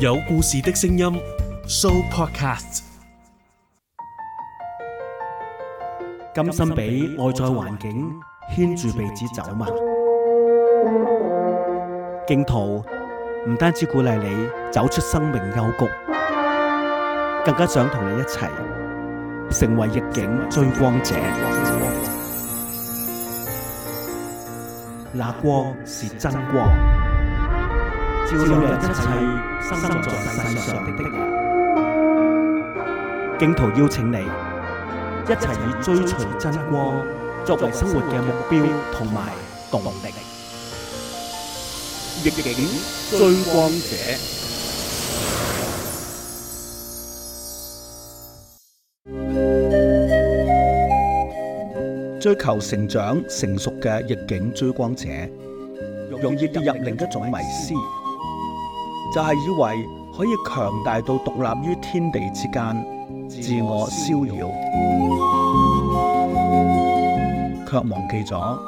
有故事的聲音，Sooopodcast。甘心俾外在環境牽住鼻子走嗎？荊徒唔單止鼓勵你走出生命幽谷，更加想同你一齊成為逆境追光者。那光是真光。照亮一切生在世上的的人，荊徒邀請你一齊以追隨真光作為生活嘅目標同埋動力。逆境追光者，追求成長成熟嘅逆境追光者，容易跌入另一種迷思。就係以為可以強大到獨立於天地之間，自我逍遙，卻忘記咗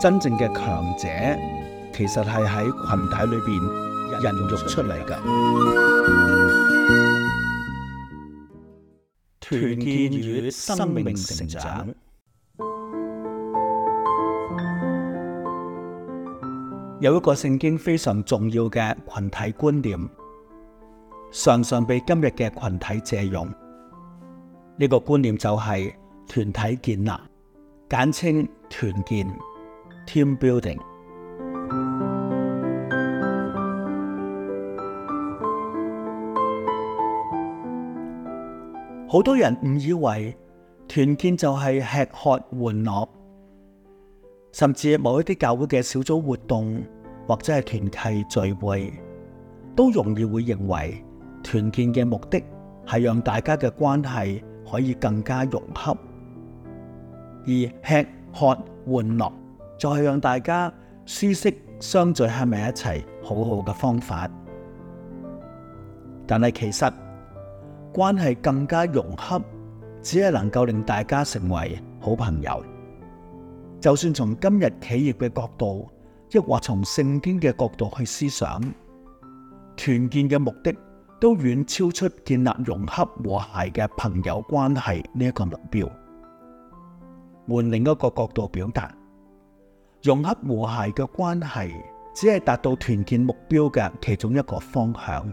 真正嘅強者，其實係喺群體裏邊孕育出嚟嘅。團建與生命成長。有一個聖經非常重要嘅群體觀念，常常被今日嘅群體借用。呢個觀念就係團體建立，簡稱團建 （team building）。好多人誤以為團建就係吃喝玩樂。甚至某一啲教會嘅小組活動，或者係團契聚會，都容易會認為團建嘅目的係讓大家嘅關係可以更加融洽，而吃喝玩樂，再讓大家舒適相聚喺埋一齊，好好嘅方法。但係其實關係更加融洽，只係能夠令大家成為好朋友。就算從今日企業嘅角度，抑或從聖經嘅角度去思想，團建嘅目的都遠超出建立融洽和諧嘅朋友關係呢一個目標。換另一個角度表達，融洽和諧嘅關係，只係達到團建目標嘅其中一個方向。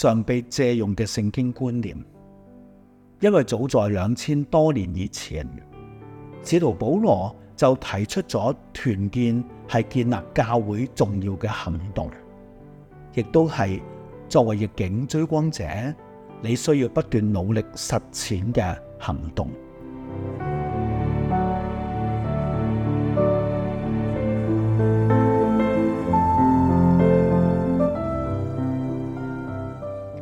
常被借用嘅聖經觀念，因為早在兩千多年以前，使徒保羅就提出咗團建係建立教會重要嘅行動，亦都係作為逆境追光者，你需要不斷努力實踐嘅行動。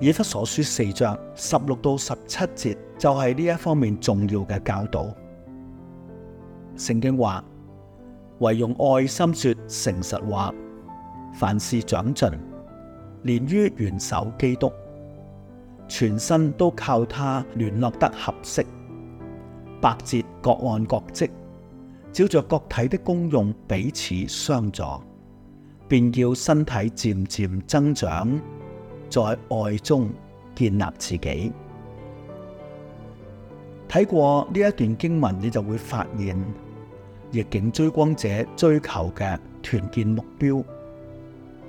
以弗所書四章十六到十七節就係呢一方面重要嘅教導。聖經話：唯用愛心說誠實話，凡事長進，連於元首基督，全身都靠他聯絡得合適，百節各按各職，照着各體的功用彼此相助，便叫身體漸漸增長，在愛中建立自己。睇過呢一段經文，你就會發現逆境追光者追求嘅團建目標，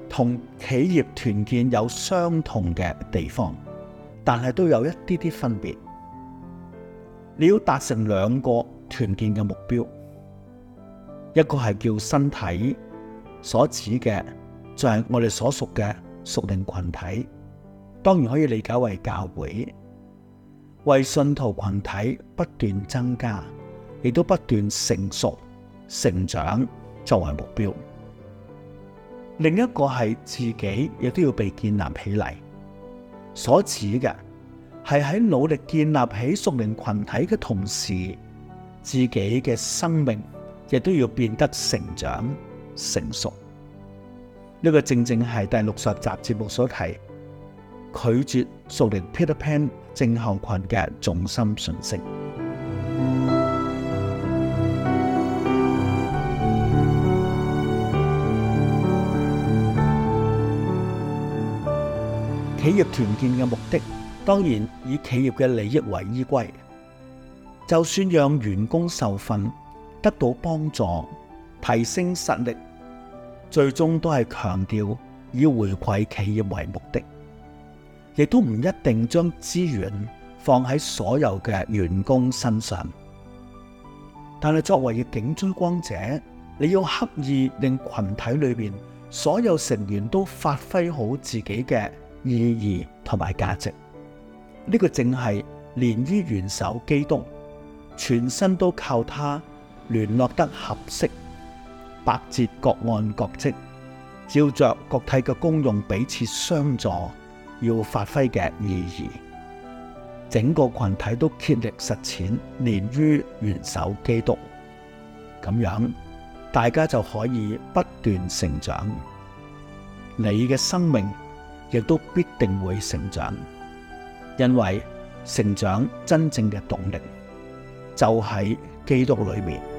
同企業團建有相同嘅地方，但係都有一啲啲分別。你要達成兩個團建嘅目標，一個係叫身體，所指嘅就係我哋所屬嘅。熟齡群體當然可以理解為教會，為信徒群體不斷增加，亦都不斷成熟成長作為目標。另一個係自己亦都要被建立起嚟，所指嘅係喺努力建立起屬靈群體嘅同時，自己嘅生命亦都要變得成長成熟。呢個正正係第六十集節目所提，拒絕屬靈 Peter Pan 症候群嘅重心訊息。企業團建嘅目的，當然以企業嘅利益為依歸。就算讓員工受訓，得到幫助，提升實力。最終都係強調以回饋企業為目的，亦都唔一定將資源放喺所有嘅員工身上。但係作為逆境追光者，你要刻意令群體裏邊所有成員都發揮好自己嘅意義同埋價值。呢、這個正係連於元首基督，全身都靠他聯絡得合適，百折各案各職，照着各體嘅功用彼此相助，要發揮嘅意義，整個群體都竭力實踐，連於元首基督。咁樣大家就可以不斷成長，你嘅生命亦都必定會成長，因為成長真正嘅動力就喺基督裏面。